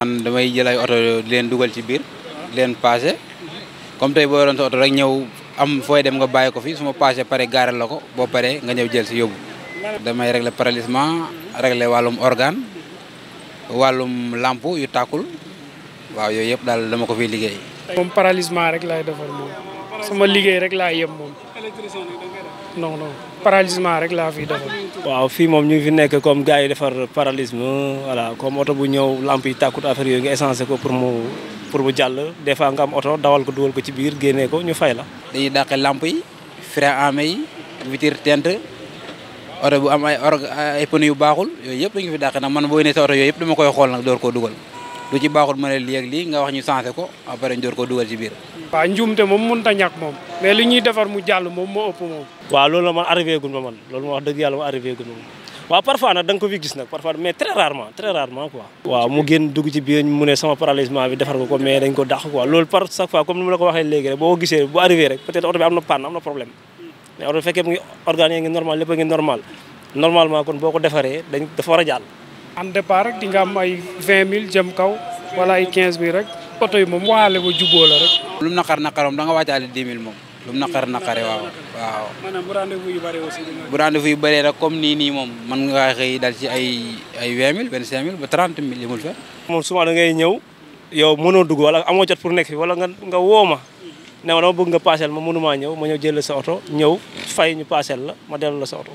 man damay jël ay oto leen dugal ci biir leen passé comme tey boo yoroon sa oto rek ñëw am fooy dem nga bàyyi ko fi su ma passé pare gaaral la ko boo pare nga ñëw jël si yóbbu. damay régler paralysement régler wàllum organ wàllum làmp yu tàkkul waaw yooyu yëpp daal dama ko fi liggéey. moom paralysement rek lay defar moom. su ma liggéey rek laa yem moom. non non paralysement rek laa fi defar. waaw fii moom ñu ngi fi nekk comme gars yi defar paralysement voilà comme oto bu ñëw lamp yi tàkkut affaire yooyu nga essencé ko pour mu pour mu jàll des fois nga am oto dawal ko dugal ko ci biir génnee ko ñu fay la. dañuy dàqe làmp yi frein à main yi vitre teinte oto bu am ay org ay pneu yu baaxul yooyu yëpp dañu fi dàqe koy xool nag door koo dugal. lu ci baaxul mën a lii ak lii nga wax ñu changé ko après ñu door moom mënut a ñàkk moom. mais li ñuy defar mu jàll moom moo ëpp moom. waaw parfois nag da ko fi gis nag parfois mais très rarement très rarement ko mais dañ ko dàq quoi loolu par chaque fois comme ni ma la ko waxee léegi rek boo ko gisee bu arrivé rek peut-être bi am na panne am na problème mais oto fekkee mu ngi organe ngi normal lépp a ngi normal normalement kon boo ko defaree dañ a en départ rek di nga am ay vingt mille jëm kaw wala ay quinze mille rek oto yi moom waxaale ba jubóo la rek. lu mu naqar naqaroom da nga wàccaale dix mille moom. lu mu naqar naqare waaw waaw. maanaam bu rendez yu bëree rek comme nii nii moom mën nga xëy dal ci ay ay vingt mille vingt cinq mille trente mille yemul fa. moom souvent da ngay ñëw yow mënoo dugg wala amoo jot pour nekk fi wala nga nga woo ma ne dama bëgg nga paaseel ma mënumaa ñëw ma ñëw jël sa oto ñëw fay ñu paaseel la ma dellu la sa oto.